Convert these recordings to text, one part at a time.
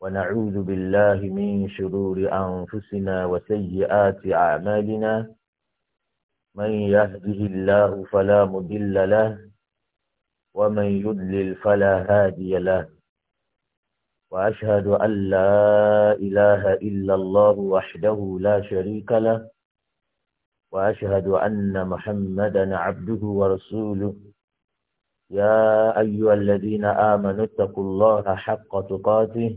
ونعوذ بالله من شرور أنفسنا وسيئات أعمالنا من يهده الله فلا مضل له ومن يضلل فلا هادي له وأشهد أن لا إله إلا الله وحده لا شريك له وأشهد أن محمدا عبده ورسوله يا أيها الذين آمنوا اتقوا الله حق تقاته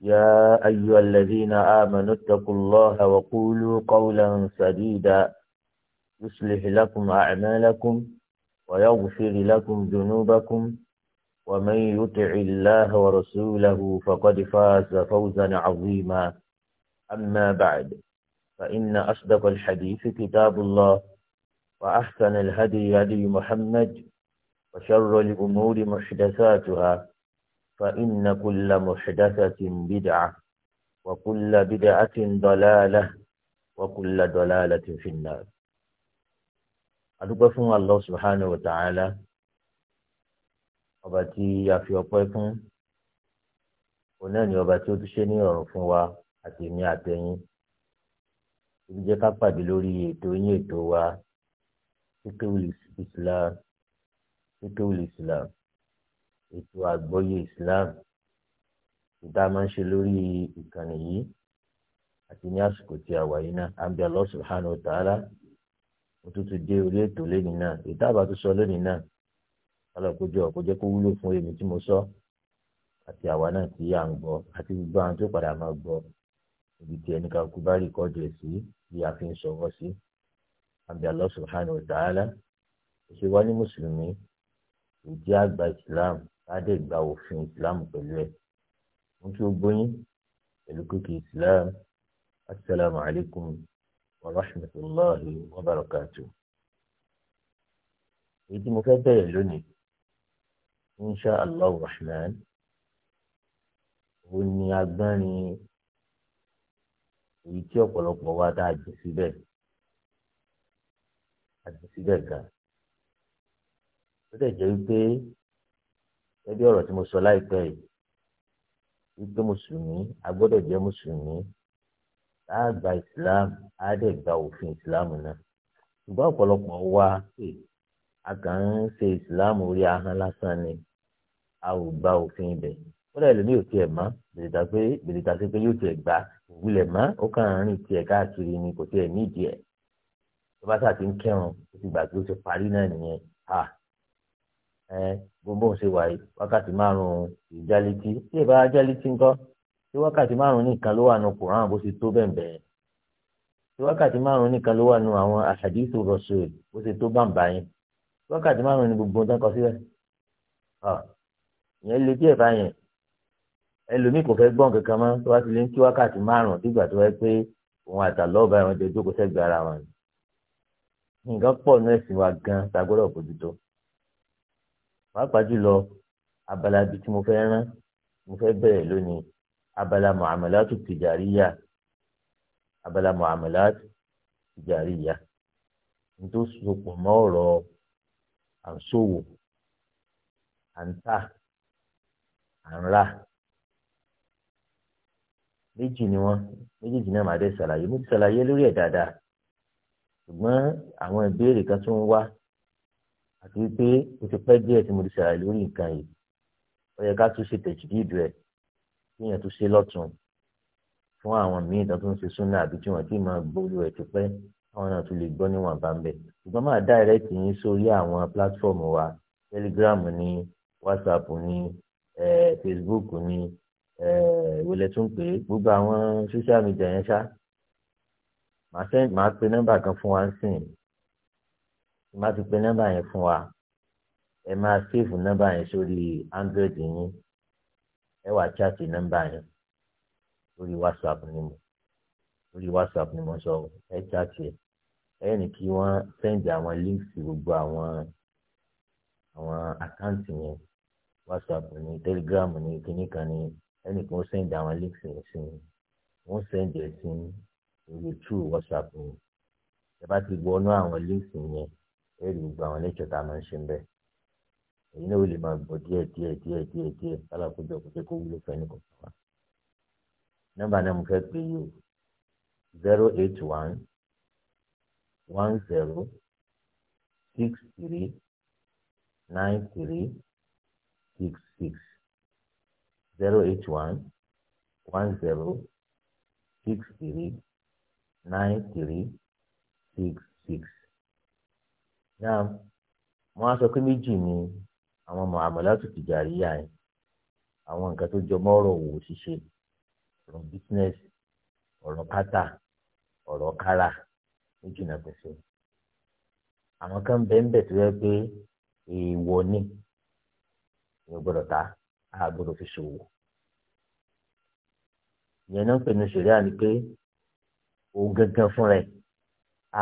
يا أيها الذين آمنوا اتقوا الله وقولوا قولا سديدا يصلح لكم أعمالكم ويغفر لكم ذنوبكم ومن يطع الله ورسوله فقد فاز فوزا عظيما أما بعد فإن أصدق الحديث كتاب الله وأحسن الهدي هدي محمد وشر الأمور محدثاتها فإن كل محدثة بدعة وكل بدعة ضلالة وكل ضلالة في النار adúpẹ́ fún Allah subhanahu wa ta'ala ọba tí a fi ọpẹ́ fún òun náà ni ọba tí ó tún ṣe ní ọ̀rùn fún wa àti èmi àtẹ̀yìn ibi jẹ́ ká pàdé lórí ètò yín ètò wa fíkéwìlì Islam fíkéwìlì Islam ètò àgbọ́yé Islam ìta máa ń ṣe lórí ìkànnì yìí àti ní àsìkò tí a wà yìí náà àbí Allah subhanahu wa ta'ala mo tún ti dé orí ètò lónìí náà ètò àbá tó sọ lónìí náà ọlọ́kójọ ọ̀kójọ kó wúlò fún èmi tí mo sọ àti àwa náà tí à ń gbọ́ àti gbogbo àwọn tó padà máa gbọ́ ibi tí ẹnì kan kú bá rí kọ́ọ̀dù sí bí a fi ń sọ̀rọ̀ sí àbí Allah subhanahu wa ta'ala ìṣèwá ní mùsùlùmí ìdí àgbà Islam káde gba òfin islam pẹ̀lú ẹ̀ mo tún gbóyún pẹ̀lú kíkì islam asalaamu alaykum wa rahmatulahi wa barakatu. èyí tí mo fẹ́ bẹ̀rẹ̀ lónìí insha allah rahman òun ni agbárin èyí tí ọ̀pọ̀lọpọ̀ wa dá jù síbẹ̀ àti síbẹ̀ gan. ó dẹ̀ jẹ́ wípé gẹ́gẹ́ bí ọ̀rọ̀ tí mo sọ láìpẹ́ yìí ìgbé mùsùlùmí a jẹ́ mùsùlùmí á islam á dẹ̀ gba òfin islam náà ṣùgbọ́n ọ̀pọ̀lọpọ̀ wa eh, a kàn ń ṣe islam orí ahọ́n lásán ni a ò gba òfin ibẹ̀ kódà ìlú mi ò tiẹ̀ mọ́ bèrèdà pé bèrèdà sí pé yóò tiẹ̀ gbà òwúlẹ̀ mọ́ ó kàn ń rìn tiẹ̀ káàkiri ni kò tiẹ̀ nídìí ẹ̀ tó bá sà ti ń kẹrun ó ti gbà pé ó ti parí náà nìyẹn gbogbo ṣe wà yìí wákàtí márùn-ún ìjálítì tí ìbá jálítì ńkọ́ tí wákàtí márùn-ún nìkan ló wà nù kùrán bó ṣe tó bẹ́ẹ̀ bẹ́ẹ̀ tí wákàtí márùn nìkan ló wà nù àwọn àṣàdìsù rọ̀ṣùl bó ṣe tó bàǹbà yẹn tí wákàtí márùn-ún ni gbogbo nǹkan kọ síbẹ̀ ìyẹn lè díẹ̀ bá yẹn ẹlòmíì kò fẹ́ gbọ́n kankan mọ́ tó wá sí lé ní kí wákàtí márùn-ún tó wáyé pé òun àtàlọ́ọ̀ báyìí pàápàá jùlọ abala bíi tí mo fẹ́ rán mo fẹ́ bẹ̀rẹ̀ lónìí abala muamalatu tijariya abala muamalatu tijariya nítorí sopọ̀ mọ́ ọ̀rọ̀ à ń ṣòwò à ń tà à ń rà méjì ni wọn méjèèjì náà máa ṣàlàyé mo ti ṣàlàyé lórí ẹ̀ dáadáa ṣùgbọ́n àwọn ìbéèrè kan tún wá àti wípé o ti pẹ́ díẹ̀ tí mo ti ṣàlàyé lórí nǹkan yìí ó yẹ ká tún ṣe tẹ̀sídìdì rẹ̀ kíyàn tún ṣe lọ́tún fún àwọn míì tó tún ṣe súnà àbí tí wọ́n ti máa gbóòlù ẹ̀ ti àwọn náà tún lè gbọ́ níwọ̀n bá ń bẹ̀ ṣùgbọ́n máa dáìrẹ́tì yín sórí àwọn pílátífọ̀mù wa telegram ní whatsapp ní facebook ní ìwòlẹ̀ tún pé gbogbo àwọn social media yẹn ṣá màá pe nọ́mbà kan fún wa ń sìn tí má ti pe nọ́mbà yẹn fún wa ẹ máa séèfù nọ́mbà yẹn sórí android yín ẹ wá chaati nọ́mbà yẹn lórí whatsapp ni mo lórí whatsapp ni mo sọ ẹ chaati ẹ ní kí wọ́n sẹ́ǹdì àwọn líǹkì gbogbo àwọn àwọn àkáǹtì yẹn whatsapp ni telegram ni kíní kan ni ẹnì kan sẹ́ǹdì àwọn líǹkì yẹn sí mi wọ́n sẹ́ǹdì ẹ̀ sí lórí true whatsapp ni ẹ bá ti gbọ́ ọ́nú àwọn líǹkì yẹn. ẹ̀rí gbogbo àwọn lẹ́kṣọ̀ tá a máa ń ṣe ń bẹ̀ èyí náà ó lè máa gbọ́ díẹ̀ díẹ̀ díẹ̀ díẹ̀ díẹ̀ kálákójọ kó jẹ́ kó wúlò fẹ́ ní kọ̀ọ̀kan wa. nọ́mbà náà mo fẹ́ pé yóò zero eight one one zero six three nine three six six zero eight one one zero six three nine three six six. náà wọ́n á sọ pé méjì ni àwọn muamalatu tijariya yẹn àwọn nǹkan tó jọ mọ́rọ̀ òwò ṣíṣe ọ̀rọ̀ business ọ̀rọ̀ kátà ọ̀rọ̀ kára méjì náà kò sí. àwọn kan bẹ́ẹ̀ tó yẹ pé èèwọ̀ ni gbọ́dọ̀ ta fi ṣòwò. ìyẹn náà pé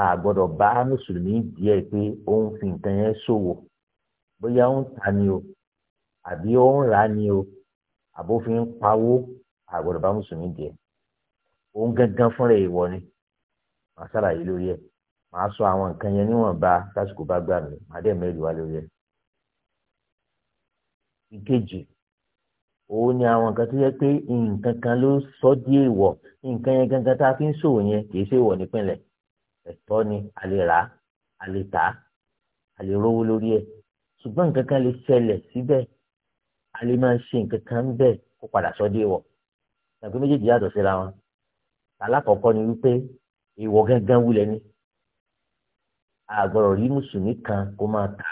a gbọ́dọ̀ bá mùsùlùmí díẹ̀ pé ó ń fi nǹkan yẹn ṣòwò bóyá ó ń ta ni o àbí ó ń rà ni o àbófin pawó a gbọ́dọ̀ bá mùsùlùmí díẹ̀ òun gangan fúnra ìwọ ni màá ṣàlàyé lórí ẹ̀ màá sọ àwọn nǹkan yẹn níwọ̀nba lásìkò bá gbà mí màá dẹ̀ mẹ́rin lórí ẹ̀. ìkejì òun ni àwọn nǹkan tó yẹ pé nǹkan kan ló sọ di èèwọ̀ nǹkan yẹn gangan tá a fi ń ṣòwò yẹn kì í ṣe èèwọ̀ nípìnlẹ̀ ẹ̀tọ́ ni a lè rà a lè tà a lè rówó lórí ẹ̀ ṣùgbọ́n nǹkan kan lè ṣẹlẹ̀ síbẹ̀ a lè máa ṣe nǹkan kan bẹ́ẹ̀ kó padà sọ́dé wọ̀ tàbí méjèèjì yàtọ̀ síra wọn alákọ̀ọ́kọ́ ni wípé ìwọ gángan wulẹ̀ ni a rí mùsùlùmí kan kó máa tà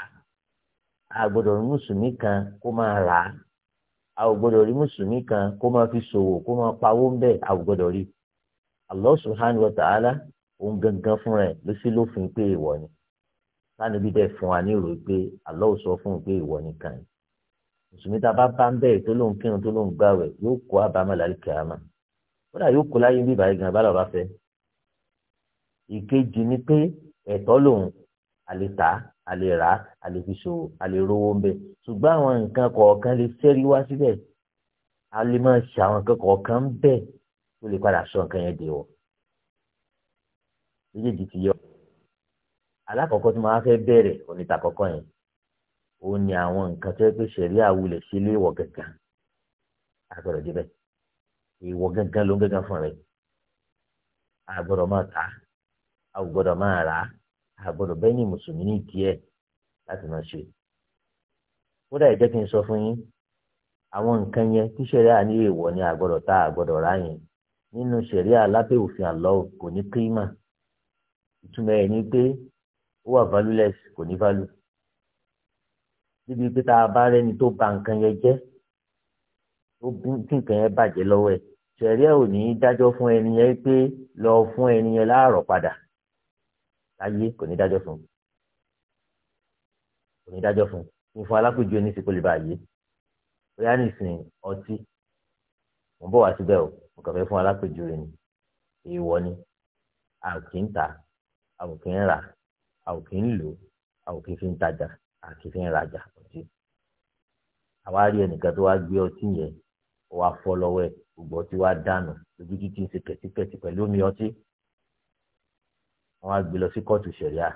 a rí mùsùlùmí kan fi ṣòwò kó máa pawó ń bẹ̀ rí Allah òun gangan fúnra ẹ̀ ló sì lófin pé ìwọ ni sáni bí bẹ́ẹ̀ fún wa ní ìròyìn pé àlọ́ sọ fún un pé ìwọ nìkan ni mùsùlùmí tá a bá bá ń bẹ́ẹ̀ tó lóun kírun tó lóun gbààwẹ̀ yóò kó àbámọ̀ láì kàámà kódà yóò kó láyé bí ìbàyẹ̀ gan abálọ̀ bá fẹ́ ìkejì ni pé ẹ̀tọ́ lòun àlè tà á àlè rà á àlè fi ṣòwò àlè rówó ń bẹ ṣùgbọ́n àwọn nǹkan kọ̀ọ̀kan lè ṣẹ́rí wá síbẹ̀ a lè máa ṣe àwọn nǹkan kọ̀ọ̀kan ń bẹ tó lè padà sọ nǹkan yẹn dè wọ̀ méjèèjì ti yọ alákọ̀ọ́kọ́ tí mo máa fẹ́ bẹ̀rẹ̀ oníta kọ̀ọ̀kan yẹn ó ni àwọn nǹkan tó yẹ pé sẹ̀rí àwulẹ̀ ṣe lé ìwọ̀ gangan agbọ̀dọ̀ débẹ̀ ìwọ̀ gangan ló ń gangan fún rẹ̀ agbọ̀dọ̀ máa ta agbọ̀dọ̀ máa rà agbọ̀dọ̀ bẹ́ẹ̀ ni mùsùlùmí ní díẹ̀ láti máa ṣe kódà ẹ kí n sọ fún yín àwọn nǹkan yẹn tí sẹ̀rí ìwọ̀ ni agbọ̀dọ̀ ta agbọ̀dọ̀ rà yẹn nínú sẹ̀rí òfin àlọ́ kò ní ìtumọ̀ ẹ̀ ni pé ó wà valueless kò ní value níbi pé tá a bá rẹ́ni tó bà nǹkan yẹn jẹ́ ó bú tí nǹkan yẹn bàjẹ́ lọ́wọ́ ẹ̀ sẹ̀rí ẹ̀ ò ní dájọ́ fún ẹni yẹn pé lọ fún ẹni yẹn láàrọ̀ padà láyé kò ní dájọ́ fún kò ní dájọ́ fún kí fún alápèjú ẹni sí kó lè bá yé bóyá nìsín ọtí mo bọ̀ wá síbẹ̀ o mo kàn fẹ́ fún alápèjú rẹ ni ni a kì í ta a ò kì í rà a ò kì í lò a ò kì í fi ń tajà a kì í fi ń rajà ọtí àwa rí ẹnìkan tó wá gbé ọtí yẹn ó wá fọ́ lọ́wọ́ ẹ̀ gbogbo ọtí wá dànù ojú títí ń ṣe kẹtíkẹtì pẹ̀lú omi ọtí wọ́n á gbé lọ sí kóòtù ṣẹ̀ríà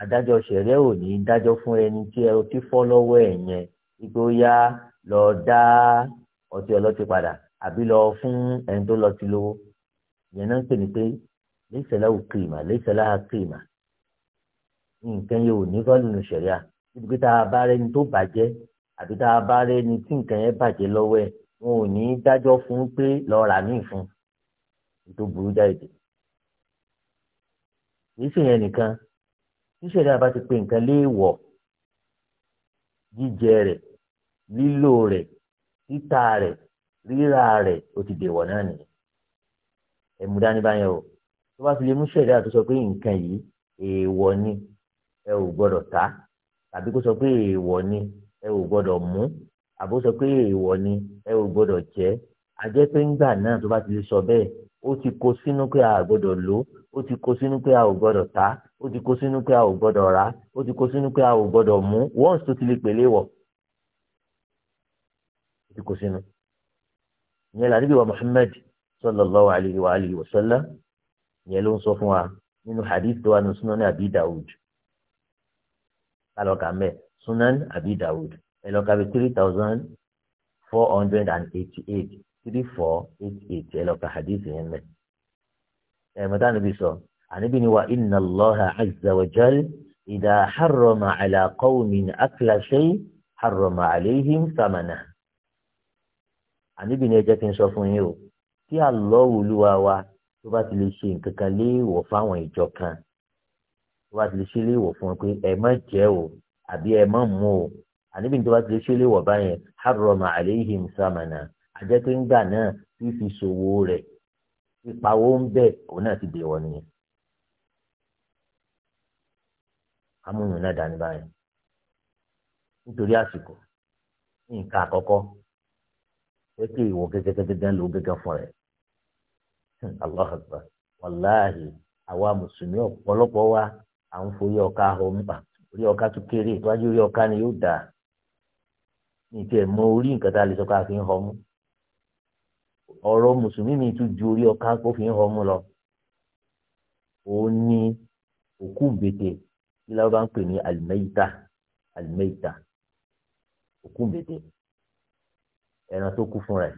adájọ́ ṣẹ̀ríà ò ní dájọ́ fún ẹni tí ẹ ti fọ́ lọ́wọ́ ẹ̀ yẹn wípé yá lọ dá ọtí ọlọ́tí padà àbí lọ fún ẹni tó lọ ti lówó ìyẹn náà ń pè ní pé ليس له قيمة ليس لها قيمة إن كان يو ní fọ́ọ̀lù nù sẹ̀ríà níbi pé tá a bá rẹni tó bàjẹ́ àbí tá a bá rẹni tí nǹkan yẹn bàjẹ́ lọ́wọ́ ẹ̀ wọn ò ní dájọ́ fún pé lọ́ọ́ rà míì fún tó burú jáde kìí ṣe yẹn nìkan ṣíṣẹ̀dá bá ti pe nǹkan léèwọ̀ jíjẹ rẹ̀ lílò rẹ̀ títà rẹ̀ rírà rẹ̀ ó ti dèwọ̀ náà nìyẹn ẹ̀mú dání báyẹn o tó bá ti lè mú ṣẹ̀rí àti sọ pé nǹkan yìí èèwọ̀ ni ẹ ò gbọ́dọ̀ ta tàbí kó sọ pé èèwọ̀ ni ẹ ò gbọ́dọ̀ mú àbó sọ pé èèwọ̀ ni ẹ ò gbọ́dọ̀ jẹ àjẹ́ pé ńgbà náà tó bá ti lè sọ bẹ́ẹ̀ ó ti kó sínú pé a gbọ́dọ̀ lò ó ti kó sínú pé a ò gbọ́dọ̀ ta ó ti kó sínú pé a ò gbọ́dọ̀ rà ó ti kó sínú pé a ò gbọ́dọ̀ mú once tó ti lè pèlè wọ̀ ó ti kó sínú. ìyẹn làdíbi wa Muhammad sallallahu alayhi wa alayhi wa sallam yẹn ló ń sọ fún wa nínú hadith tó wà ní sunan abi dawud kálọ̀kà mẹ́ sunan abi dawud ẹlọ́ka bíi three thousand four hundred and eighty-eight three four eight eight ẹlọ́ka hadith yẹn mẹ́ ẹ̀mọ́tá níbi sọ àníbi ni wa inna allaha azza wa jal ala qawmin akla shay harrama samana àníbi ni ẹ jẹ́ kí n sọ fún yín o tí àlọ́ wùlúwa wa tó bá ti lè ṣe nǹkan kan léèwọ̀ fáwọn ìjọ kan tó bá ti lè ṣe léèwọ̀ fún wọn pé ẹ má jẹ o àbí ẹ má mú o àníbi tó bá ti lè ṣe léèwọ̀ báyẹn harrama aleihim samana àjẹ́ pé ńgbà náà fífi ṣòwò rẹ̀ ìpawó ń bẹ̀ òun náà ti dè wọ́n nìyẹn. amúyàn náà dání báyẹn nítorí àsìkò nǹkan àkọ́kọ́ pé kí ìwọ gẹ́gẹ́ gẹ́gẹ́ lò ó gẹ́gẹ́ fún rẹ̀ allah akbar wàláhì àwa mùsùlùmí ọ̀pọ̀lọpọ̀ wa à ń forí ọ̀ka ọmọ orí ọ̀ka tó kéré ìtọ́jú orí ọ̀ka ni yóò dáa ní tiẹ̀ mọ orí nǹkan tá a lè sọ ká fi ń họmú ọ̀rọ̀ mùsùlùmí mi tún ju orí ọ̀ka kó fi ń họmú lọ òun ni òkú gbèdé tí láwọn bá ń pè ní alimẹ́yìíta alimẹ́yìíta òkú gbèdé ẹran tó kú fúnra ẹ̀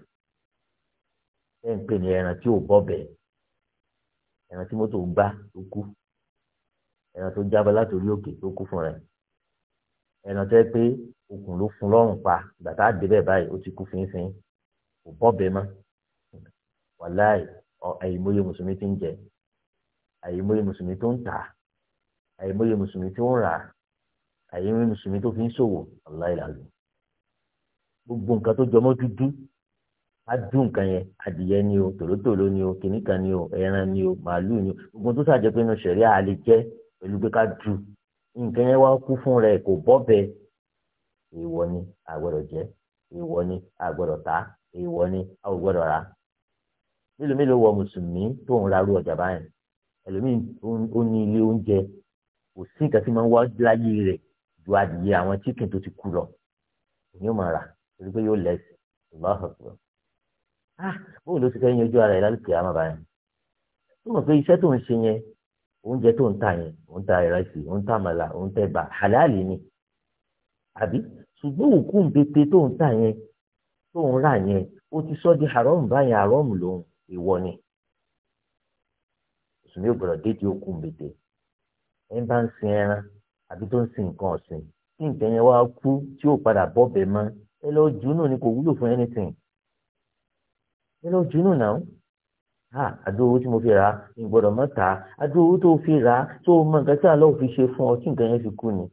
ẹ̀ ń pè ní ẹran tí ò bọ́ bẹ̀ ẹran tí mọ́tò gbá tó kú ẹran tó jábọ́ látòrí òkè tó kú fún rẹ̀ ẹran tó yẹ pé okùn ló fún lọ́rùn pa ìgbà tá a dé bẹ́ẹ̀ báyìí ó ti kú fínfín kò bọ́ bẹ́ẹ̀ mọ́ wàláì àyèmóye mùsùlùmí ti ń jẹ àyèmóye mùsùlùmí tó ń tà àyèmóye mùsùlùmí tó ń rà àyèmóye mùsùlùmí tó fi ń ṣòwò wàláì làlù gbogbo nǹkan tó jọmọ́ dúdú á dùn nǹkan yẹn adìyẹ ni o tòlótòló ni o kìnnìkan ni o ẹran ni o màálù ni o gbogbo tó sàjẹ́ pé inú sẹ̀rí à lè jẹ́ pẹ̀lú pé ká dù nǹkan yẹn wá kú fún rẹ̀ kò bọ́ bẹ́ẹ̀ èèwọ̀ ni àgbọ̀dọ̀ jẹ́ èèwọ̀ ni àgbọ̀dọ̀ ta èèwọ̀ ni àgbọ̀dọ̀ ra mélòó mélòó wọ mùsùlùmí tó ń rarú ọjà báyìí ẹlòmíì ó ní ilé oúnjẹ kò sí nǹkan tí máa ń wá láyé rẹ̀ ju adìyẹ àwọn chicken tó ti kú lọ òní máa rà torí pé yóò lẹ́sìn ìlú Ah, bó ló ti fẹ́ yanjú ara ẹ̀ lálùkì àmà báyìí tó mọ̀ pé iṣẹ́ tó ń ṣe yẹn oúnjẹ tó ń tà yẹn òun ta ìrẹsì òun ta màlà òun tẹ bà halali ni àbí ṣùgbọ́n òkú nbẹ́tẹ́ tó ń tà yẹn tó ń rà yẹn ó ti sọ́ di haram báyìí haram lòun ìwọ ni sùnmí ò gbọdọ̀ dédìí òkú nbẹ́tẹ́ ẹ bá ń sin ẹran àbí tó ń sin nǹkan ọ̀sìn tí nǹkan yẹn wá kú tí ó padà bọ́ bẹ̀ mọ́ ẹ lọ jùúnù ni kò wúlò fún anything nínú jùnú náà ha àdó owó tí mo fi rà á ìgbọ́dọ̀ mọ́ta àdó owó tó fi rà á tó mọ nǹkan tí àlọ́ fi ṣe fún ọ tí nǹkan yẹn fi kú ni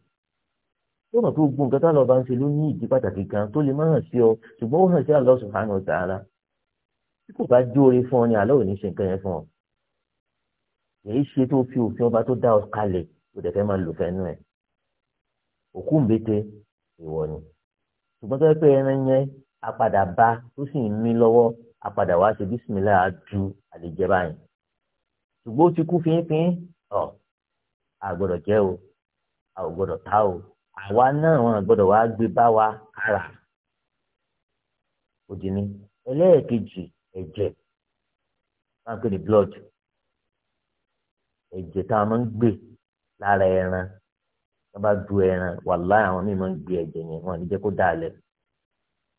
tó mọ̀ pé gbogbo nǹkan tí àlọ́ bá ń ṣe ló ní ìdí pàtàkì kan tó lè má hàn sí ọ ṣùgbọ́n ó hàn sí àlọ́ subhanahu wa ta'ala tí kò bá jóore fún ọ ni àlọ́ ò ní ṣe nǹkan yẹn fún ọ èyí ṣe tó fi òfin ọba tó dá ọ kalẹ̀ kò dẹ̀ fẹ́ máa lò fẹ́nu ẹ̀ apàdà wá ṣe bísímìlà ju àlejẹba yẹn ṣùgbọ́n ó ti kú fínfín ọ àgbọ́dọ̀ jẹ́ o a ò gbọ́dọ̀ ta o àwa náà wọn gbọ́dọ̀ wá gbé bá wa ara òdì ni ẹlẹ́ẹ̀kejì ẹ̀jẹ̀ máa ń pè ní blood ẹ̀jẹ̀ tá a máa ń gbé lára ẹran tá a bá du ẹran wàláhì àwọn míì máa ń gbé ẹ̀jẹ̀ yẹn wọn àníjẹ́ kó dáa lẹ̀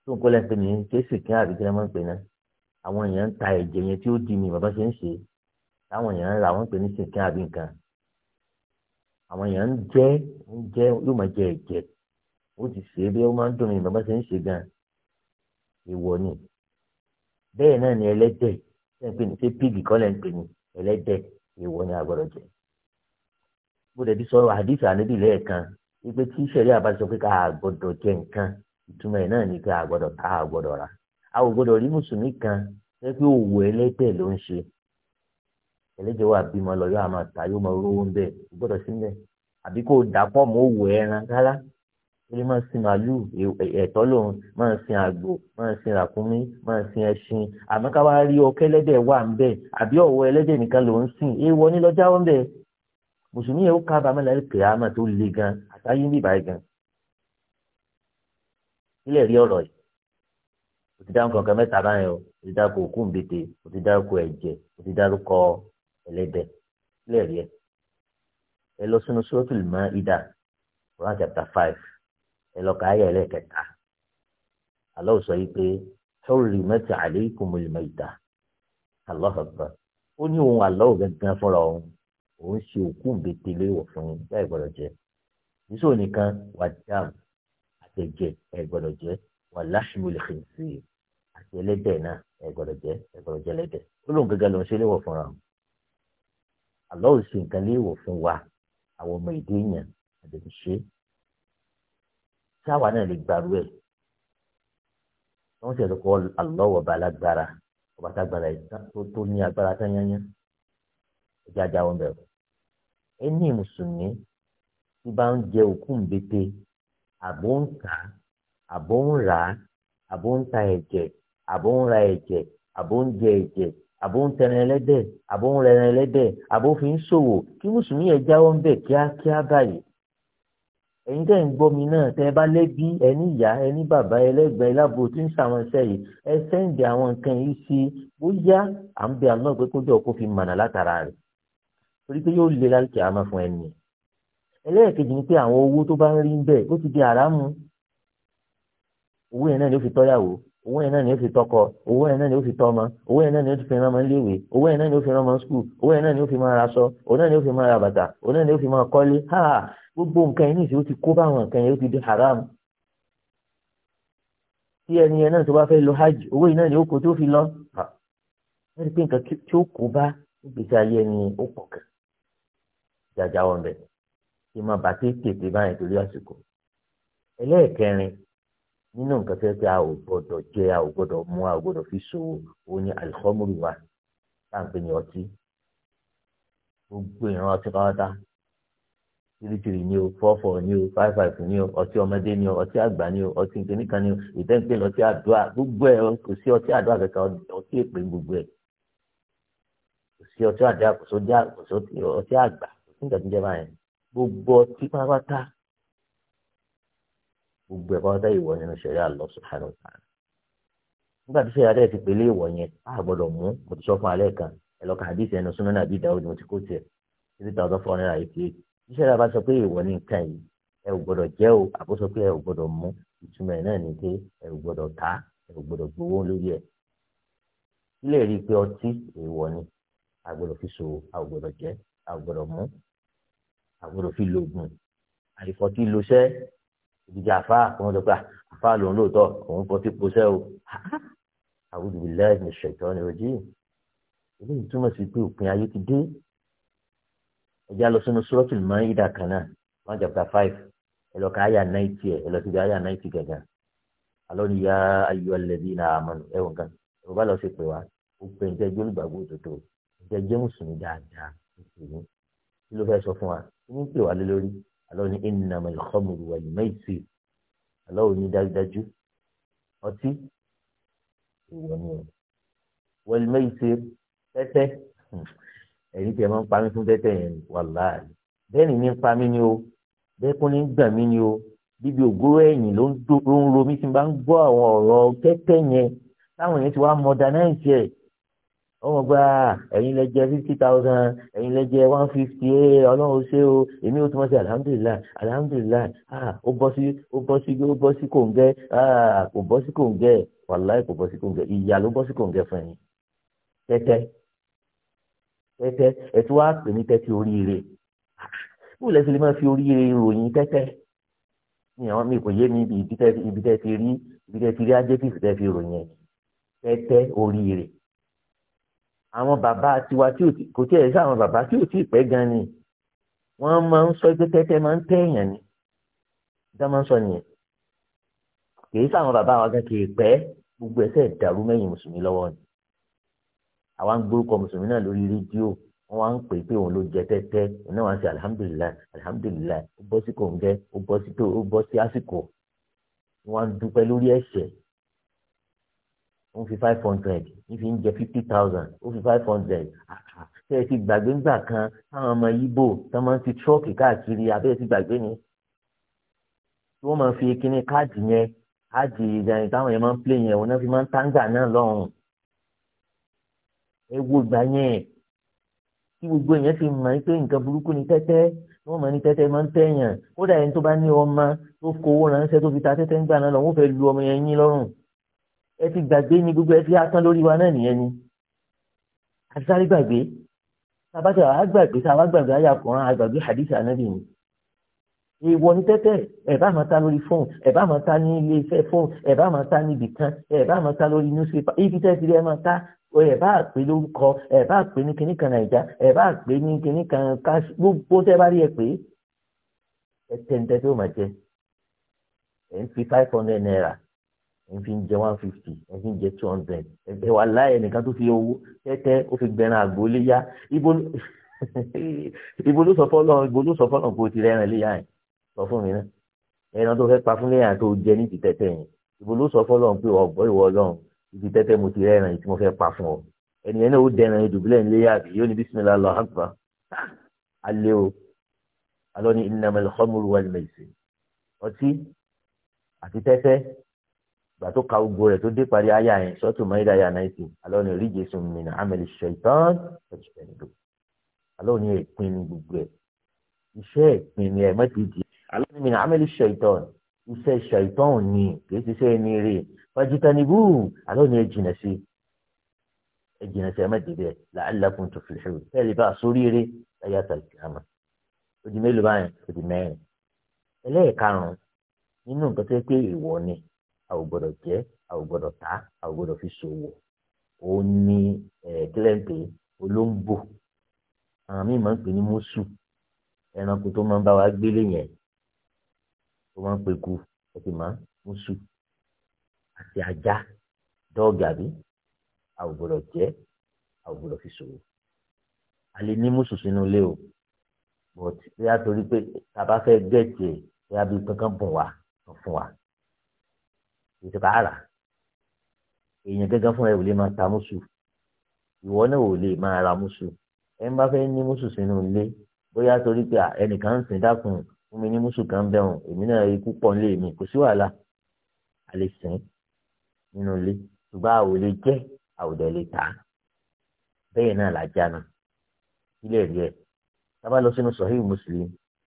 tó ń kọ́ lẹ́sẹ̀ nìyẹn kéésì kí àbíkí lẹ́ máa ń pè náà àwọn èèyàn ń ta ẹ̀jẹ̀ yẹn tí ó di mi bàbá ṣe ń ṣe táwọn èèyàn ń ra pè ní sìnkín àbí nǹkan àwọn èèyàn ń jẹ́ ń jẹ́ yóò jẹ ẹ̀jẹ̀ ó ti ni bẹ́ẹ̀ náà ni ẹlẹ́dẹ̀ ṣe ń pè ní ṣé kọ́ lẹ́ ń pè ní ẹlẹ́dẹ̀ ìwọ ni àgbọ̀dọ̀ jẹ mo dẹ̀ ti sọ àdìsí lẹ́ẹ̀kan wípé ká a ò gbọdọ̀ rí mùsùlùmí kan jẹ́ pé òwò ẹlẹ́dẹ̀ ló ń ṣe ẹlẹ́dẹ̀ wà bímọ lọ yóò máa ta yóò máa rówó ń bẹ̀ kò gbọdọ̀ sí ń bẹ̀ àbí kò dà pọ̀ mọ́ òwò ẹran rárá ilé máa sin màálùú ẹ̀tọ́ lòun máa sin àgbò máa sin ràkúnmí máa sin ẹṣin àmọ́ ká wá rí ọkẹ́ ẹlẹ́dẹ̀ wà ń bẹ̀ àbí ọ̀wọ́ ẹlẹ́dẹ̀ nìkan ló ń sìn èèwọ̀ ní lọ́jà wọn bẹ̀ mùsùlùmí yẹn ó kábàámọ̀ láì pè á mà tó le gan àtàyé ń bìbáyé gan. ilé rí ọ̀rọ̀ yìí ti dárúkọ nǹkan mẹ́ta báyìí o o ti dárúkọ òkú ńbete o ti dárúkọ ẹ̀jẹ̀ o ti dárúkọ ẹlẹ́dẹ̀ lè rí ẹ ẹ lọ sínú suratul Maida Quran chapter five ẹ lọ káyà ẹlẹ́kẹta Allah sọ yìí pé hurrimat alaykumul maita Allahu akbar ó ní òun Allah gángan fúnra òun òun ṣe òkú ńbete léwọ̀ fún yín bẹ́ẹ̀ gbọ́dọ̀ jẹ́ yíṣọ́ nìkan wà dáàmù àtẹ̀jẹ̀ ẹ̀ gbọ́dọ̀ jẹ́ wà láṣìmọ̀lẹ̀ kìí sí i àti ẹlẹ́dẹ̀ náà ẹ̀gbọ́dọ̀ jẹ́ ẹ̀gbọ́dọ̀ jẹ́ ẹlẹ́dẹ̀ ó lóun gẹ́gẹ́ ló ń ṣe léwọ̀ fúnra o àlọ́ ò ṣe nǹkan léwọ̀ fún wa àwọn ọmọ èdè èèyàn àdèmí ṣe táwa náà lè gbarú ẹ̀ wọ́n ṣe lóko àlọ́ ọba alágbára ọba tágbára tó ní agbára tányányá ẹjẹ́ ajá wọn bẹ̀rù ẹni mùsùlùmí tí bá ń jẹ òkú ń àbó ń ta àbó ń rà àbó ń ta ẹ̀jẹ̀ àbò ń ra ẹ̀jẹ̀ àbò ń jẹ ẹ̀jẹ̀ àbò ń tẹran ẹlẹ́dẹ̀ àbò ń rẹran ẹlẹ́dẹ̀ àbò fi ń ṣòwò kí mùsùlùmí yẹn jáwọ́ ń bẹ̀ kíákíá báyìí ẹ̀yin tẹ́ ń gbọ́ mi náà tẹ́ ẹ bá lẹ́bí ẹni ìyá ẹni bàbá ẹlẹ́gbẹ̀ẹ́ lábò tí ń ṣàwọn iṣẹ́ yìí ẹ sẹ́ǹdì àwọn nǹkan yìí sí bóyá à ń bẹ àlọ́ pé kó jọ fi mànà látara rẹ̀ torí pé yóò lè lálùkì àmọ́ fún ẹni ẹlẹ́ẹ̀kejì ni pé àwọn owó tó bá ń rí ń bẹ̀ ó ti di àrámu owó yẹn náà ló fi tọ́yàwó owó yẹn náà ni ó fi tọkọ owó yẹn náà ni ó fi tọmọ owó yẹn náà ni ó fi rán ọmọ iléèwé owó yẹn náà ni ó fi rán ọmọ skul owó yẹn náà ni ó fi máa ra aṣọ òun náà ni ó fi máa ra bàtà òun náà ni ó fi máa kọ́lé ha gbogbo nǹkan yẹn níṣẹ́ ó ti kó báwọn nǹkan yẹn ó ti di haram tí ẹni yẹn náà tó bá fẹ́ lọ hajj owó yìí náà ni ó kó tó fi lọ wọ́n ti nǹkan tí ó kó bá ìgbésí ayé ẹni ó pọ̀ kẹ́ jàjà wọn bẹ̀ kí n nínú nǹkan tẹ́ pé a ò gbọ́dọ̀ jẹ a ò gbọ́dọ̀ mu a ò gbọ́dọ̀ fi ṣòwò òun ni alifọ́mùrù wa tá à ń pè ní ọtí gbogbo ìran ọtí pátá tìrìtìrì ni o fọ́fọ́ ni o five five ni o ọtí ọmọdé ni o ọtí àgbà ni o ọtí nìkan ni o ìdẹ́gbẹ́ ọtí àdúrà gbogbo ẹ̀ kò sí ọtí àdúrà kankan ọtí èpè gbogbo ẹ̀ kò sí ọtí àdúrà kò sí ọtí àgbà kò sí nǹkan báyẹn gbogbo ọtí pátá gbogbo ẹ̀kọ́ ọ̀dá ìwọ nínú ṣẹ̀ríà Allah subhanahu wa ta'ala nígbà tí ṣẹ̀ríà dẹ̀ ti pèlè ìwọ yẹn a gbọ́dọ̀ mú mo ti sọ fún alẹ́ kan ẹ lọ́ka hadith ẹnu súnmọ́ nàbí Dawud mo ti kó tiẹ̀ three thousand four hundred and eighty eight tí ṣẹ̀ríà bá sọ pé ìwọ ní nǹkan yìí ẹ ò gbọ́dọ̀ jẹ o àbó sọ pé ẹ ò gbọ́dọ̀ mú ìtumọ̀ ẹ̀ náà ni pé ẹ ò gbọ́dọ̀ ta ẹ ò gbọ́dọ̀ gbowó lórí ẹ̀ ilé rí i pé ọtí èèwọ̀ ni a gbọ́dọ̀ fi ṣòwò a ò gbọ́dọ̀ jẹ a ò gbọ́dọ̀ mú a gbọ́dọ̀ fi lo oògùn àìfọ̀tí lo iṣẹ́ ìdíje àfa òun lọ pé ah, àfa lòun lóòótọ́ òun fọtí posẹ́ o àwùjọ ilẹ̀ ìṣẹ̀tọ́ ni ojú eléyìí túmọ̀ sí pé òpin ayé ti dé ẹjẹ́ a lọ sínú suratul Maida kan náà one chapter five ẹ lọ ka àyà náìtì ẹ ẹ lọ síbi àyà náìtì gàgàn alọ́ ni ya ayyuhal ladhina amanu ẹ̀wọ̀n kan ẹ̀wọ̀n bá lọ sí pé wa ó pe njẹ́ ẹjẹ́ olùgbàgbọ́ òtòtò njẹ́ ẹjẹ́ mùsùlùmí dáadáa kí ló fẹ́ sọ fún wa kí ló ń pè wá lé lórí alọ́ọ̀ ní innama al-khamru wal-maisir alọ́ọ̀ ní dájúdájú ọtí ìwọ ni o wal-maisir tẹ́tẹ́ ẹ̀yin tí ẹ máa ń pa mí fún tẹ́tẹ́ yẹn wàláhì bẹ́ẹ̀ ni ní ń pa ni o bẹ́ẹ̀kún ní ń gbà mí ni o bíbi ògóró ẹ̀yìn ló ń ro mí tí n ń gbọ́ àwọn ọ̀rọ̀ tẹ́tẹ́ yẹn táwọn yẹn ti wá mọ̀dánáìsì ẹ̀ wọ́n mọ̀ gba ah, ẹ̀yin lẹ jẹ fifty thousand ẹ̀yin lẹ jẹ one fifty ẹ̀ eh, ọlọ́run ṣé o èmi ò tún mọ̀ sí alihamudulilayi alihamudulilayi ah ó bọ́ sí ó bọ́ sí ó bọ́ sí kòǹgẹ́ ah kò bọ́ sí kòǹgẹ́ wàláì kò bọ́ sí kòǹgẹ́ ìyá ló bọ́ sí kòǹgẹ́ fún ẹ̀yin tẹ́tẹ́ tẹ́tẹ́ ẹ̀tún wá pè ní tẹ́tẹ́ oríire bó lẹ́sìn lè máa fi oríire ròyìn tẹ́tẹ́ ní àwọn mi kò yé mi ibi tẹ́ ti rí ibi tẹ́ ti rí adjective tẹ́ fi ròyìn ẹ̀ àwọn bàbá tiwa tí ò tí kò tí ẹ̀ sí àwọn bàbá tí ò tí ì pẹ́ gan ni wọ́n máa ń sọ pé tẹ́tẹ́ máa ń tẹ́ èèyàn ni ìjà máa ń sọ nìyẹn kì í sáwọn bàbá wa gan kì í pẹ́ gbogbo ẹsẹ̀ dàrú mẹ́yìn mùsùlùmí lọ́wọ́ ni àwa ń gbórúkọ mùsùlùmí náà lórí rédíò wọ́n wá ń pè pé òun ló jẹ tẹ́tẹ́ òun náà wá ń ṣe alihamudulilayi alihamudulilayi ó bọ́ sí kòǹgẹ́ ó bọ́ sí àsìkò wọ́n wá ń dúpẹ́ lórí ẹ̀ṣẹ̀ ó fi five hundred ń fi ń jẹ fifty thousand ó fi five hundred ṣé ẹ ti gbàgbé ńgbà kan táwọn ọmọ Ìgbò tó máa ń fi tírọ́ọ̀kì káàkiri abẹ́ ẹ ti gbàgbé ni tí wọ́n máa fi kíní káàdì yẹn káàdì ìdáyìn táwọn yẹn máa ń pè yẹn òun náà fi máa ń táǹgà náà lọ́hùn ẹ wo ìgbà yẹn tí gbogbo èèyàn fi mọ̀ pé nǹkan burúkú ni tẹ́tẹ́ wọ́n mọ̀ ní tẹ́tẹ́ máa ń tẹ̀yàn kódà ẹni tó bá ní ọmọ tó kówó ránṣẹ́ tó fi ta tẹ́tẹ́ ń náà lọ wọ́n fẹ́ lu ọmọ yẹn yín lọ́rùn ẹ ti gbàgbé ni gbogbo ẹ ti atán lórí wa náà nìyẹn ni àti sáré gbàgbé tabatẹ àwọn agbàgbé sáwọn agbàgbé ayé àkùnrin agbàgbé hadith anabi ni èèwọ̀ ní tẹ́tẹ́ ẹ̀ bá máa ta lórí fóònù ẹ̀ bá máa ta ní ilé iṣẹ́ fóònù ẹ̀ bá máa ta níbì kan ẹ̀ bá máa ta lórí newspaper ibi tẹ́tí rẹ̀ máa ta ẹ̀ bá pè lórúkọ ẹ̀ bá pè ní kinní kan nàìjà ẹ̀ bá pè ní kinní kan káṣí gbogbo tẹ́ bá rí ẹ pé ẹ tẹ̀ ń tẹ́ tó máa jẹ ẹ̀ ń fi five hundred naira ń fi jẹ one fifty ń fi jẹ two hundred ẹ̀bẹ̀ wà láyé nìkan tó fi owó tẹ́tẹ́ ó fi gbẹ̀rẹ̀ àgbo léyà ibo ibo ló sọ fọlọ́ ibo ló sọ fọlọ́ kó o ti rẹ́rìn léyà yẹn sọ fún mi náà ẹran tó fẹ́ pa fún léyà tó jẹ ní ti tẹ́tẹ́ yẹn ibo ló sọ fọlọ́ pé ọ̀gbọ́ ìwọ ọlọ́run ibi tẹ́tẹ́ mo ti rẹ́rìn tí mo fẹ́ pa fún ọ ẹnìyẹn náà ó dẹ̀rìn ìdùbúlẹ̀ léyà àbí yóò ní bísímilà lọ àgbà alẹ́ o alọ́ ní innamal gbà tó ka gbogbo rẹ̀ tó dé parí aya yẹn sọ́tù mẹ́rin aya náìtì alọ́ ni oríje sùn mí ní amẹ́lì ṣẹ̀tàn ẹ̀jẹ̀ nílò alọ́ ni ìpín ní gbogbo ẹ̀ iṣẹ́ ìpín ní ẹ̀ mẹ́tẹ̀ẹ̀dì alọ́ ni mí ní amẹ́lì ṣẹ̀tàn iṣẹ́ ṣẹ̀tàn ni kìí ti ṣe ní rè fàjìtànìbù alọ́ ni ẹ̀ jìnà sí ẹ̀ jìnà sí ẹ̀ mẹ́tẹ̀ẹ̀dì ẹ̀ làálàkùn tó fi ṣòro tẹ́lẹ̀ bá sóríire ẹ̀yà tàìkìámà ó mélòó báyìí ó di ẹlẹ́ẹ̀karùn-ún nínú nǹkan tó yẹ pé ìwọ ni a ò gbọ́dọ̀ jẹ a ò gbọ́dọ̀ ta a ò gbọ́dọ̀ fi ṣòwò ó ní kílẹ̀ǹpé olóńgbò àwọn míì máa ń pè ní mùsù ẹranko tó máa ń bá wa gbélé yẹn tó máa ń pè kú ẹ ti máa mùsù àti ajá dọ́ọ̀gì àbí a ò gbọ́dọ̀ jẹ a ò gbọ́dọ̀ fi ṣòwò a lè ní mùsù sínú ilé o but bí torí pé tá a bá fẹ́ gẹ̀ẹ́tì ẹ̀ bí bí kankan bùn wá fún wa ètò ká rà èèyàn gẹ́gẹ́ fúnra ẹ̀ ò lè máa ta mùsù ìwọ náà ò lè máa ra mùsù ẹ ń bá fẹ́ ní mùsù sínú ilé bóyá torí pé ẹnìkan ń sìn dákun fún mi ní mùsù kan bẹ̀rùn èmi náà ikú pọ̀ nílé mi kò sí wàhálà a lè sìn nínú ilé ṣùgbọ́n a ò lè jẹ a ò dẹ̀ lè tà á bẹ́ẹ̀ náà là jáná ilé rí ẹ̀ sábà lọ sínú Sahih Muslim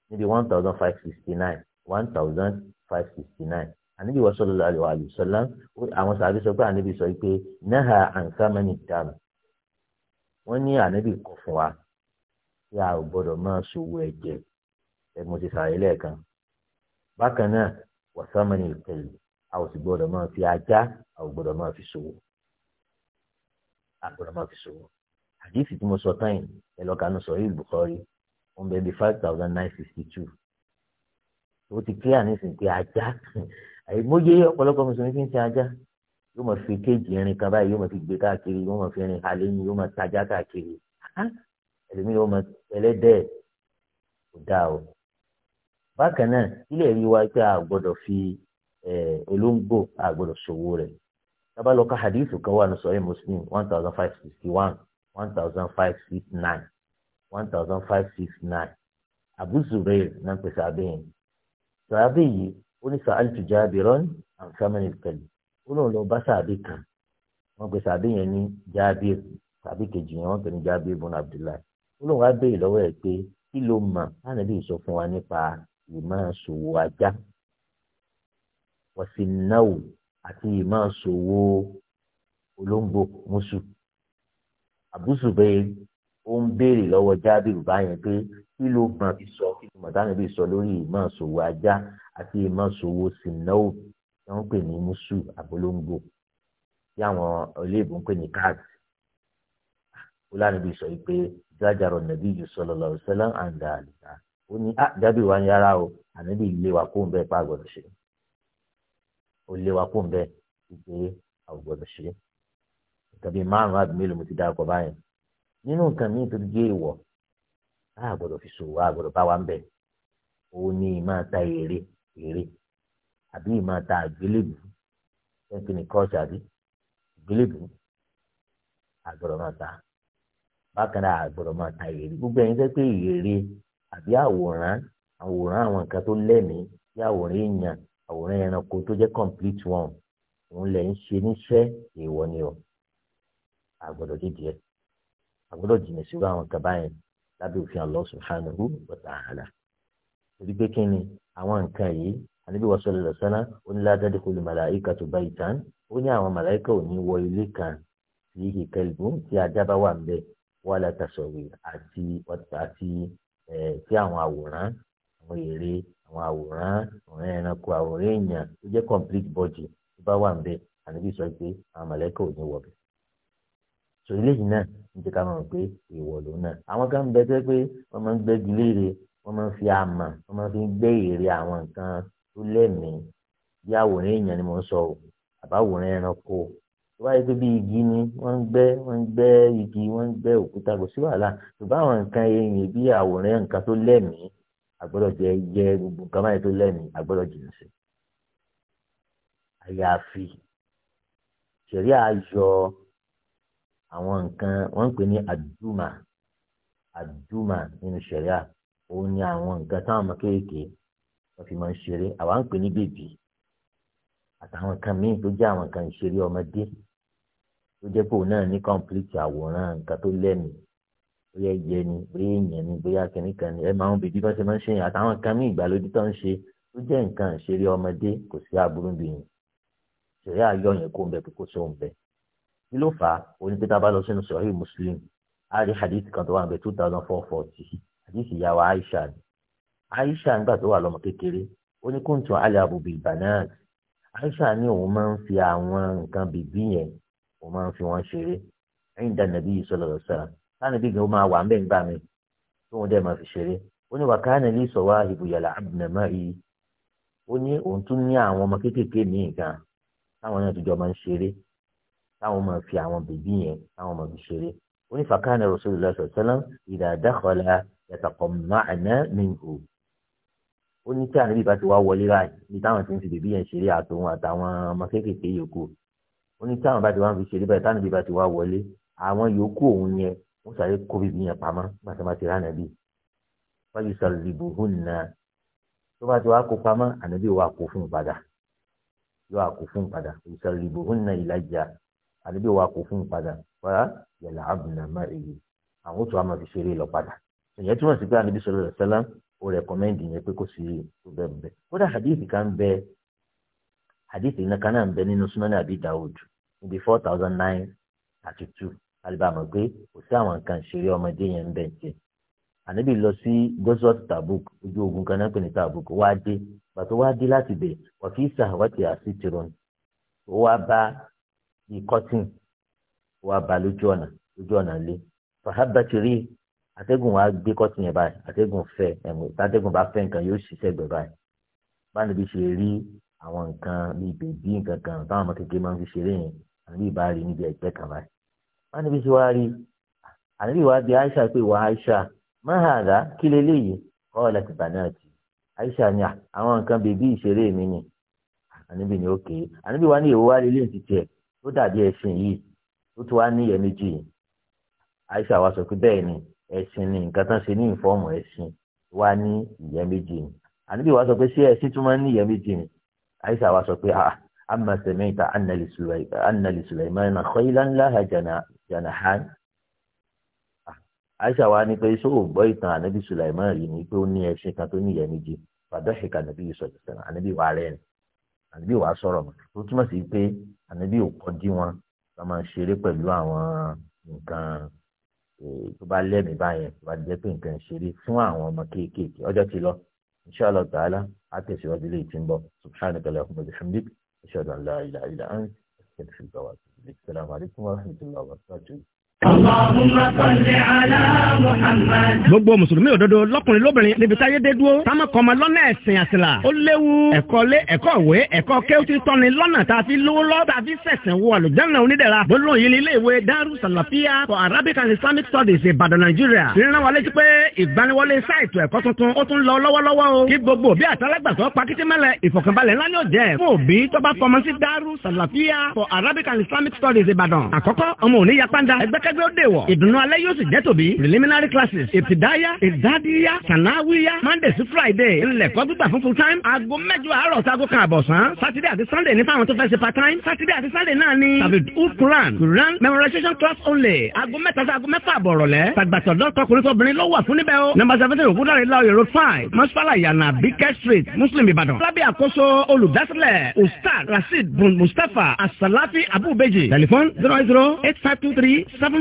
níbi one thousand five sixty nine one thousand five sixty nine ànábì wọ́n sọ̀rọ̀ àlè wàlè sọ̀lá àwọn sàbí sọ pé ànábì sọ pé náà ànsámẹ́nì dànù wọ́n ní ànábì kọ̀ fún wa tí a ò gbọ́dọ̀ máa ṣòwò ẹ̀jẹ̀ ẹ̀ mo ti sàrẹ̀ lẹ́ẹ̀kan bákan náà wàsámẹ́nì ìpẹ̀lẹ̀ a ò sì gbọ́dọ̀ máa fi ajá a ò gbọ́dọ̀ máa fi ṣòwò a gbọ́dọ̀ máa fi ṣòwò àdìsí tí mo sọ tán yìí ẹ lọ kàánú sọ yìí Bukhari wọn bẹ bí five thousand nine sixty two ó ti clear nísìnyí pé ajá àìmọye ọ̀pọ̀lọpọ̀ mùsùlùmí fi ń ṣe ajá yóò máa fi kéèjì irin kan báyìí yóò máa fi gbé káàkiri yóò máa fi irin halẹ̀ yín yóò máa tajá káàkiri ẹlòmíì yóò máa ẹlẹ́dẹ̀ kò dáa o bákan náà ilé ẹ̀rí wa pé a gbọ́dọ̀ fi olóńgbò a gbọ́dọ̀ ṣòwò rẹ̀ tábà lọ hadith kan wà ní sọ̀rọ̀ muslim one thousand five sixty one one thousand five six nine one thousand five six nine abu zureir náà pèsè abẹ́yẹn sọ abẹ́yẹ ó ní sàálìtù jábìrán àǹfààní ìkẹlẹ ó lóun lọ bá sàbí kan wọn pe sàbí yẹn ní jábìr sàbí kejì yẹn wọn pe ní jábìr bùn abdullahi ó lóun wá béèrè lọ́wọ́ ẹ̀ pé kí ló mọ̀ láti bí sọ fún wa nípa ìmáa ṣòwò ajá wọ́n sì náwó àti ìmáa ṣòwò olóńgbò mùsù àbúṣùbẹ́ ó ń béèrè lọ́wọ́ jábìrù báyẹn pé kí ló mọ̀ sọ kí ló mọ̀ táwọn ibi sọ lórí ìmáa ṣòwò ajá àti ìmọ̀sowó sínáwó tí wọ́n ń pè ní musu àbólóńgbò tí àwọn olóyìnbó ń pè ní card. olánibí sọ pé jájàrọ̀ nàbí yìí sallallahu alaihi wasallam àǹdà àlùkà ó ní á ah, jábì wá ń yára o ànábì ilé wa kó ń bẹ́ẹ̀ pa àgbọ̀dọ̀ ṣe ó lé wa kó ń bẹ́ẹ̀ gbé àgbọ̀dọ̀ ṣe tàbí márùn àbí mélòó mo ti dárúkọ báyìí nínú nǹkan míì tó jẹ́ ìwọ̀ á gbọ́dọ̀ fi ṣòwò á gbọ́dọ̀ bá wa ń bẹ̀ òun ni máa ta èrè eré àbí ìmọ̀ ta àgbélébù ẹ̀kí ni kọ́ọ̀ṣì àbí àgbélébù àgbọ̀dọ̀ máa ta bákan náà àgbọ̀dọ̀ máa ta eré gbogbo ẹ̀yin tẹ́ pé àbí àwòrán àwòrán àwọn nǹkan tó lẹ́mìí bí àwòrán èèyàn àwòrán ẹranko tó jẹ́ complete one òun lẹ̀ ń ṣe níṣẹ́ ni o àgbọ̀dọ̀ dídì ẹ̀ àgbọ̀dọ̀ jìnnà síwájú àwọn kaba yẹn lábẹ́ òfin àwọn nǹkan yìí àníbí wọ́n sọ̀rọ̀ lọ́sánná ó ní ládàá dẹ́kun lè màláìka tó báyìí tán ó ní àwọn màláìka ò ní wọ ilé kan tí kì í kẹlùbù tí ajá bá wà ń bẹ wọ́n á láta sọ̀rọ̀ àti àti ẹ̀ tí àwọn àwòrán àwọn ère àwọn àwòrán àwọn ẹranko àwòrán èèyàn tó jẹ́ complete body tó bá wà ń bẹ àníbí sọ pé àwọn màláìka ò ní wọ bẹ sọ eléyìí náà ń jẹ́ ká mọ̀ pé ìwọ̀ lòun náà àwọn kan ń gbẹ́gi wọ́n máa ń fi àmà wọ́n máa ń fi gbé ère àwọn nǹkan tó lẹ́mìí bí àwòrán èèyàn ni mò ń sọ o àbáwòrán ẹranko tó bá yẹ pé bí igi ni wọ́n ń gbẹ́ wọ́n ń gbẹ́ igi wọ́n ń gbẹ́ òkúta kò sí wàhálà tó bá àwọn nǹkan eyín bí àwòrán nǹkan tó lẹ́mìí àgbọ́dọ̀ jẹ jẹ gbogbo nǹkan báyìí tó lẹ́mìí àgbọ́dọ̀ jìnnà sí àyàfi ṣẹ̀rí àyọ àwọn nǹkan wọ́n ń pè ní àdúmà àdúmà nínú ṣẹ̀rí àpò òun ni àwọn nǹkan táwọn ọmọ kéékèèké wọ́n fi máa ń ṣeré àwa ń pè ní bèbí àtàwọn nǹkan míì tó jẹ́ àwọn nǹkan ìṣeré ọmọdé tó jẹ́ pé òun náà ní kọ́ńpìlìtì àwòrán nǹkan tó lẹ́nu bóyá ẹyẹ ni bóyá èèyàn ni bóyá kìnnìkan ni ẹ máa ń bèbí bá ṣe máa ń ṣe yẹn àtàwọn nǹkan míì ìgbàlódé tó ń ṣe tó jẹ́ nǹkan ìṣeré ọmọdé kò sí aburú bí yẹn ṣẹ̀rí àyọ̀ yẹn kó ń bẹ pé hadith kan tó wà àdìsí ìyá wa Aisha ni Aisha nígbà tó wà lọ́mọ kékeré ó ní kuntu alabu bil banat Aisha ní òun máa ń fi àwọn nǹkan bìbí yẹn òun máa ń fi wọn ṣeré ẹ̀yìn dá nàbí yìí sallallahu alaihi wasallam táwọn ibi gan máa wà ń bẹ̀ ń gbà mí tó wọn dẹ̀ máa fi ṣeré ó ní wàkánà ní sọ̀wá ìbùyàlà àbùnàmá yìí ó ní òun tún ní àwọn ọmọ kéékèèké míì gan táwọn náà tìjọ máa ń ṣeré táwọn máa fi àwọn bèbí yẹn táwọn máa fi ṣeré ó ní fàkánà rasulullah sallallahu alaihi yàtọ̀kọ̀ mọ́àná minhu ó ní kí ànábì bá ti wá wọlé báyìí bí táwọn ti ń fi bèbí yẹn ṣeré àtòun àtàwọn ọmọ kéékèèké yòókù ó ní táwọn bá ti wá ń fi ṣeré báyìí táwọn bá ti wá wọlé àwọn yòókù òun yẹn wọ́n sáré kó bèbí yẹn pamọ́ gbàtà bá ti rà ànábì wáyé sọlìbù hùnà tó bá ti wá kó pamọ́ ànábì wà kó fún un padà yóò wà kó fún un padà ìsọlìbù hùnà ìlàjà ànábì wà àwọn tó wà fi ṣeré lọ padà ìyẹn túmọ̀ sí pé àníbi sọ̀rọ̀ rẹ̀ sẹ́lá ó rẹ̀kọ́mẹ́ndì yẹn pé kò sí ọbẹ̀ bẹ̀ kódà hadith kan bẹ hadith iná kan náà ń bẹ nínú súnáni àbí Dawud níbi four thousand nine thirty two alibàmọ̀ pé kò sí àwọn nǹkan ìṣeré ọmọdé yẹn ń bẹ̀ jẹ́ àníbi lọ sí gosot Tabuk ojú ogun kan náà pè ní Tabuk wá dé pàtó wá dé láti bẹ̀ ọ̀fíìsà wọ́tí àṣìtìrún ó wá bá ikọ́tìn ó wá bá lójú ọ̀nà lójú ọ̀nà lé fàhábàtìrí atẹ́gùn wa gbé kọ́tì yẹn báyìí atẹ́gùn fẹ́ ẹ̀mú tàtẹ́gùn bá fẹ́ nǹkan yóò ṣiṣẹ́ gbẹ báyìí bá níbi ṣe rí àwọn nǹkan bíi bèbí nǹkan kan táwọn ọmọ kékeré máa ń fi ṣeré yẹn àníbí bá rí níbi ẹgbẹ́ kan báyìí bá níbi ṣe wá rí àníbí wá di Aisha pé wà Aisha má hàdá kí leléyìí kọ́ ọ̀lẹ́tì bànáàtì Aisha ni àwọn nǹkan bèbí ìṣeré mi ni àníbí ni ó ké àníbí wá ní èwo wá lélẹ́yìn ti tiẹ̀ tó dàbí ẹṣin yìí tó tún wá ní iyẹ̀méjì Aisha wa sọ pé bẹ́ẹ̀ ni ẹ̀sìn ni nǹkan tán ṣe ní ìfọ́ọ̀mù ẹ̀sìn wá ní ìyẹ́ méjì ni ànábì wa sọ pé ṣé ẹ̀sìn tún máa ń ní ìyẹ́ ni àyíṣà wa sọ pé amma sẹ̀mẹ́ta annali sulaiman na khaylan laha janahan ah, àyíṣà wa ni pé ṣó o gbọ́ ìtàn ànábì sulaiman rí ni pé ó ní ẹ̀sìn kan tó ní ìyẹ́ méjì fàdọ́ṣìkà ànábì sọ̀rọ̀ sẹ́nà ànábì rẹ̀ ànábì wa sọ̀rọ̀ mọ́ tó túmọ̀ tó bá lẹ́mìí báyẹn tó bá jẹ́ pé nǹkan ṣeré fún àwọn ọmọ kéékèèké ọjọ́ ti lọ inshallah ta'ala á tẹ̀síwájú lè ti ń bọ̀ subhanaka allahumma wa bihamdik ashhadu an la ilaha illa ant astaghfiruka wa atubu ilayk assalamu alaikum wa rahmatullahi wa barakatuh gbogbo mùsùlùmí òdodo lọkùnrin lóbìnrin níbi táyé dé dúró táwọn kan máa lọ́nà ẹ̀sìn àṣìlá ó léwu ẹ̀kọ́ lé ẹ̀kọ́ ìwé ẹ̀kọ́ kéwùtì tọ́ni lọ́nà tá lówó lọ́ tá a wọ àlùjáná onídẹ̀ra gbólóhùn yìí ní ilé ìwé Daru Salafia for Arabic and Islamic Studies Ìbàdàn Nàìjíríà ìrìnà wa létí pé ìgbaniwọlé sáìtù ẹ̀kọ́ tuntun ó tún lọ lọ́wọ́lọ́wọ́ o kí gbogbo bí àtàlágbàtọ́ pakitimẹ́lẹ̀ kẹgbẹ́ ó dè wọ̀. ìdùnnú alẹ́ yóò sì jẹ́ tòbí. preliminary classes ìtìdáyà ìdádíyà sànáwíyà monday sí friday ńlẹ̀kọ́ gbígbà fún full time. aago mẹ́jọ àárọ̀ sago kan àbọ̀sán. saturday àti sunday ní fáwọn tó fẹ́ ṣe part time. saturday àti sunday náà ni. david u quran quran memorization class only. aago mẹ́ta sí aago mẹ́fà àbọ̀rọ̀lẹ́. tàgbàtọ̀ dọ́kọ̀ kùnrin obìnrin ló wà fún níbẹ̀ o. number seventeen ògúndàrí lọ́ọ̀yẹ̀ road five masfala yana bikẹ́ street muslim ìbàdàn. lábẹ́ àkóso olùdásílẹ̀ ustaz rasheed bun mustapha asalafi abubeji. tẹlifon zero zero eight five two three seven